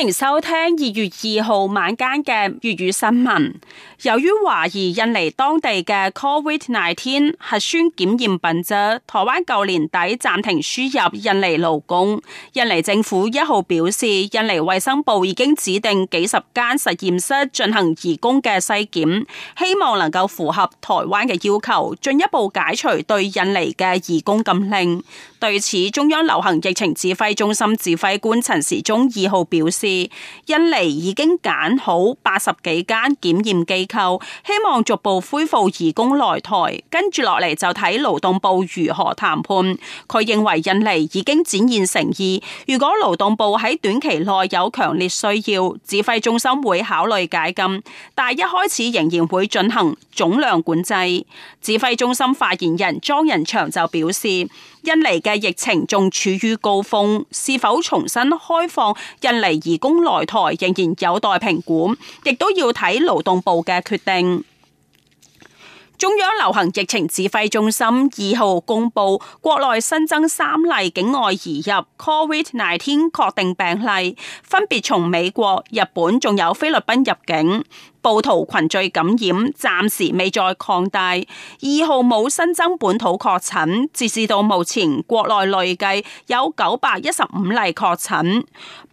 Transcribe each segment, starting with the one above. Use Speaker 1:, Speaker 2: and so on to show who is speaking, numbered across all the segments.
Speaker 1: 歡迎收聽二月二號晚間嘅粵語新聞。由於懷疑印尼當地嘅 COVID-19 核酸檢驗品質，台灣舊年底暫停輸入印尼勞工。印尼政府一號表示，印尼衛生部已經指定幾十間實驗室進行移工嘅篩檢，希望能夠符合台灣嘅要求，進一步解除對印尼嘅移工禁令。對此，中央流行疫情指揮中心指揮官陳時中二號表示，印尼已經揀好八十幾間檢驗機構，希望逐步恢復移工來台。跟住落嚟就睇勞動部如何談判。佢認為印尼已經展現誠意，如果勞動部喺短期內有強烈需要，指揮中心會考慮解禁，但一開始仍然會進行總量管制。指揮中心發言人莊仁祥就表示：印尼嘅疫情仲處於高峰，是否重新開放印尼移工來台仍然有待評估，亦都要睇勞動部嘅決定。中央流行疫情指揮中心二號公布，國內新增三例境外移入 COVID-19 確定病例，分別從美國、日本，仲有菲律賓入境。部桃群聚感染暫時未再擴大，二號冇新增本土確診，截至到目前，國內累計有九百一十五例確診。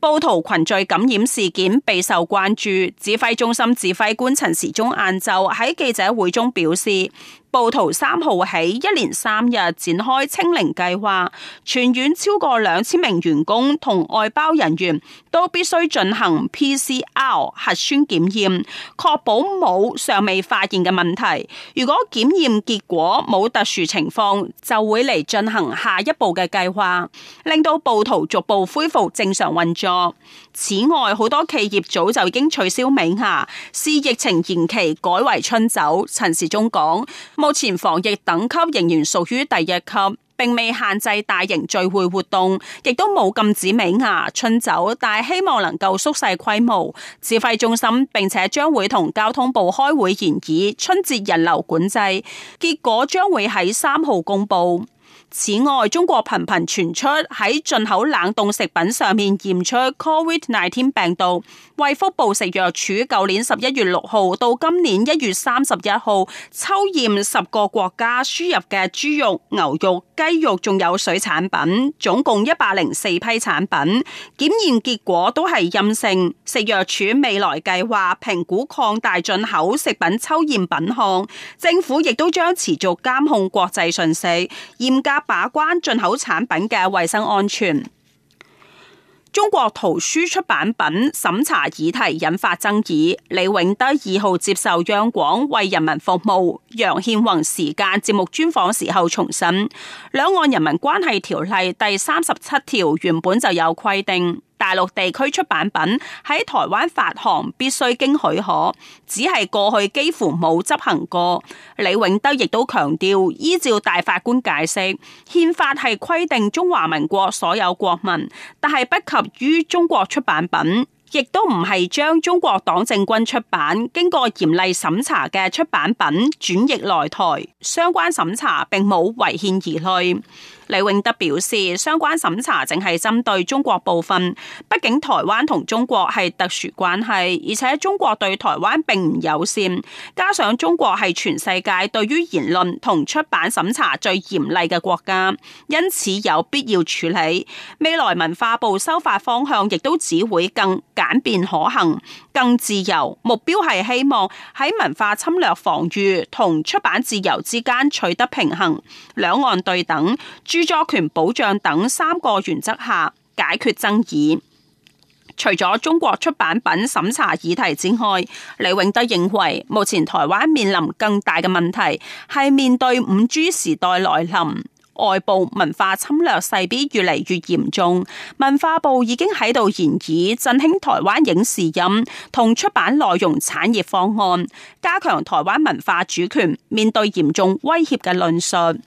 Speaker 1: 部桃群聚感染事件備受關注，指揮中心指揮官陳時中晏晝喺記者會中表示，部桃三號起一連三日展開清零計劃，全院超過兩千名員工同外包人員。都必須進行 PCR 核酸檢驗，確保冇尚未發現嘅問題。如果檢驗結果冇特殊情況，就會嚟進行下一步嘅計劃，令到部桃逐步恢復正常運作。此外，好多企業早就已經取消尾牙，視疫情延期改為春酒。陳時中講：目前防疫等級仍然屬於第一級。並未限制大型聚會活動，亦都冇禁止尾牙春酒，但係希望能夠縮細規模。指揮中心，並且將會同交通部開會研議春節人流管制，結果將會喺三號公布。此外，中國頻頻傳出喺進口冷凍食品上面驗出 Covid nineteen 病毒。衛福部食藥署舊年十一月六號到今年一月三十一號抽驗十個國家輸入嘅豬肉、牛肉、雞肉，仲有水產品，總共一百零四批產品，檢驗結果都係陰性。食藥署未來計劃評估擴大進口食品抽驗品項，政府亦都將持續監控國際訊息，嚴格。把關進口產品嘅衛生安全。中國圖書出版品審查議題引發爭議。李永得二號接受央廣為人民服務，楊憲宏時間節目專訪時候重申，《兩岸人民關係條例》第三十七條原本就有規定。大陸地區，出版品喺台灣發行必須經許可，只係過去幾乎冇執行過。李永得亦都強調，依照大法官解釋，憲法係規定中華民國所有國民，但係不及於中國出版品，亦都唔係將中國黨政軍出版經過嚴厲審查嘅出版品轉譯來台，相關審查並冇違憲而去。李永得表示，相關審查淨係針對中國部分，畢竟台灣同中國係特殊關係，而且中國對台灣並唔友善，加上中國係全世界對於言論同出版審查最嚴厲嘅國家，因此有必要處理。未來文化部修法方向亦都只會更簡便可行、更自由，目標係希望喺文化侵略防禦同出版自由之間取得平衡，兩岸對等。著作權保障等三個原則下解決爭議。除咗中國出版品審查議題之外，李永得認為目前台灣面臨更大嘅問題係面對五 G 時代來臨，外部文化侵略勢必越嚟越嚴重。文化部已經喺度研擬振興台灣影視音同出版內容產業方案，加強台灣文化主權面對嚴重威脅嘅論述。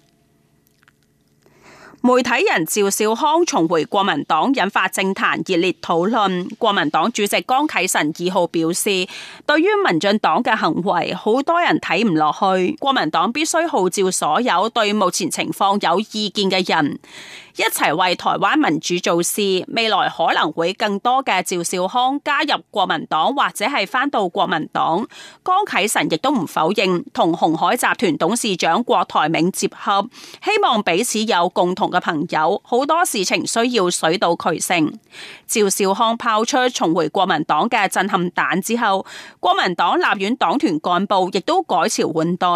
Speaker 1: 媒體人趙少康重回國民黨引發政壇熱烈討論，國民黨主席江啟臣二號表示，對於民進黨嘅行為，好多人睇唔落去，國民黨必須號召所有對目前情況有意見嘅人，一齊為台灣民主做事。未來可能會更多嘅趙少康加入國民黨或者係返到國民黨。江啟臣亦都唔否認同鴻海集團董事長郭台銘接洽，希望彼此有共同嘅朋友，好多事情需要水到渠成。趙少康拋出重回國民黨嘅震撼彈之後，國民黨立院黨團幹部亦都改朝換代。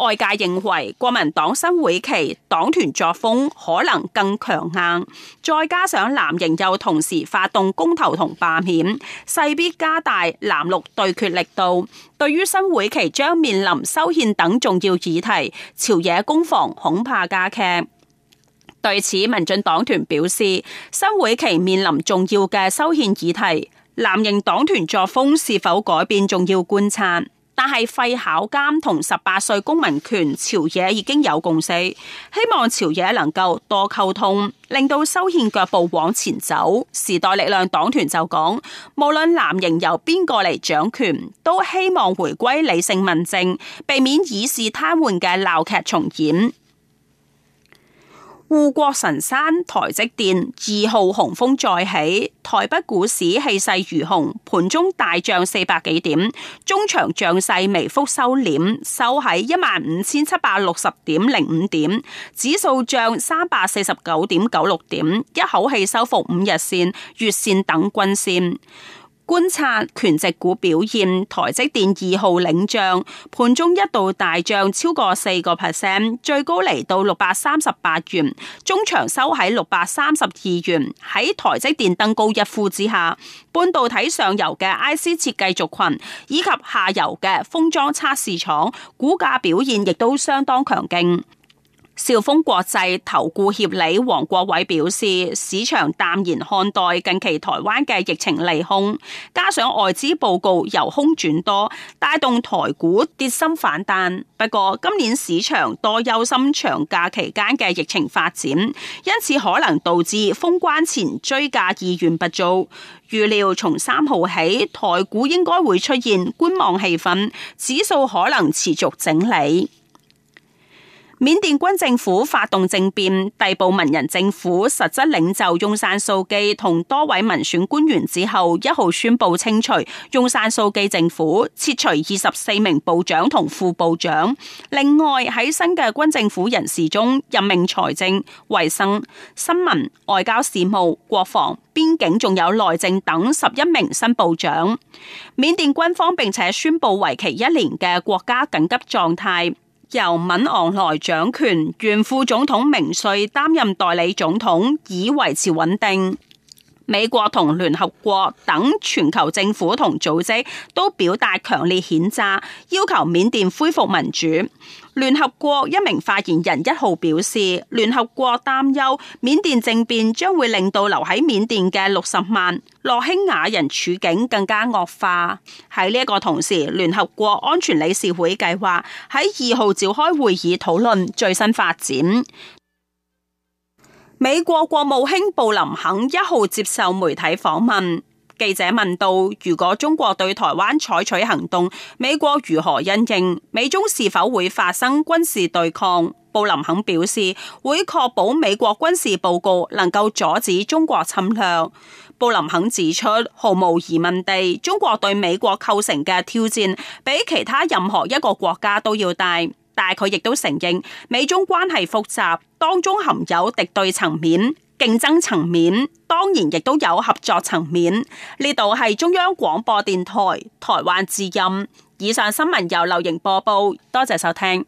Speaker 1: 外界認為國民黨新會期黨團作風可能更強硬，再加上藍營又同時發動公投同罷免，勢必加大藍綠對決力度。對於新會期將面臨修憲等重要議題，朝野攻防恐怕加劇。對此，民進黨團表示，新會期面臨重要嘅修憲議題，藍營黨團作風是否改變重要觀察。但係廢考監同十八歲公民權朝野已經有共識，希望朝野能夠多溝通，令到修憲腳步往前走。時代力量黨團就講，無論藍營由邊個嚟掌權，都希望回歸理性問政，避免議事癱瘓嘅鬧劇重演。護國神山台積電二號雄風再起，台北股市氣勢如虹，盤中大漲四百幾點，中場漲勢微幅收斂，收喺一萬五千七百六十點零五點，指數漲三百四十九點九六點，一口氣收復五日線、月線等均線。觀察權值股表現，台積電二號領漲，盤中一度大漲超過四個 percent，最高嚟到六百三十八元，終場收喺六百三十二元。喺台積電登高一呼之下，半導體上游嘅 IC 設計族群以及下游嘅封裝測試廠股價表現亦都相當強勁。兆豐國際投顧協理黃國偉表示，市場淡然看待近期台灣嘅疫情利空，加上外資報告由空轉多，帶動台股跌深反彈。不過今年市場多憂心長假期間嘅疫情發展，因此可能導致封關前追價意願不足。預料從三號起，台股應該會出現觀望氣氛，指數可能持續整理。緬甸軍政府發動政變，逮捕文人政府實質領袖翁山蘇姬同多位民選官員之後，一號宣布清除翁山蘇姬政府，撤除二十四名部長同副部長。另外喺新嘅軍政府人士中任命財政、衛生、新聞、外交事務、國防、邊境仲有內政等十一名新部長。緬甸軍方並且宣布為期一年嘅國家緊急狀態。由敏昂萊掌權，原副總統明瑞擔任代理總統，以維持穩定。美國同聯合國等全球政府同組織都表達強烈譴責，要求緬甸恢復民主。聯合國一名發言人一號表示，聯合國擔憂緬甸政變將會令到留喺緬甸嘅六十萬洛興雅人處境更加惡化。喺呢一個同時，聯合國安全理事會計劃喺二號召開會議討論最新發展。美國國務卿布林肯一號接受媒體訪問。記者問到，如果中國對台灣採取行動，美國如何因應？美中是否會發生軍事對抗？布林肯表示，會確保美國軍事報告能夠阻止中國侵略。布林肯指出，毫無疑問地，中國對美國構成嘅挑戰比其他任何一個國家都要大，但佢亦都承認美中關係複雜，當中含有敵對層面。競爭層面，當然亦都有合作層面。呢度係中央廣播電台台灣之音。以上新聞由劉瑩播報，多謝收聽。